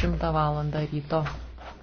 10 val. ryto.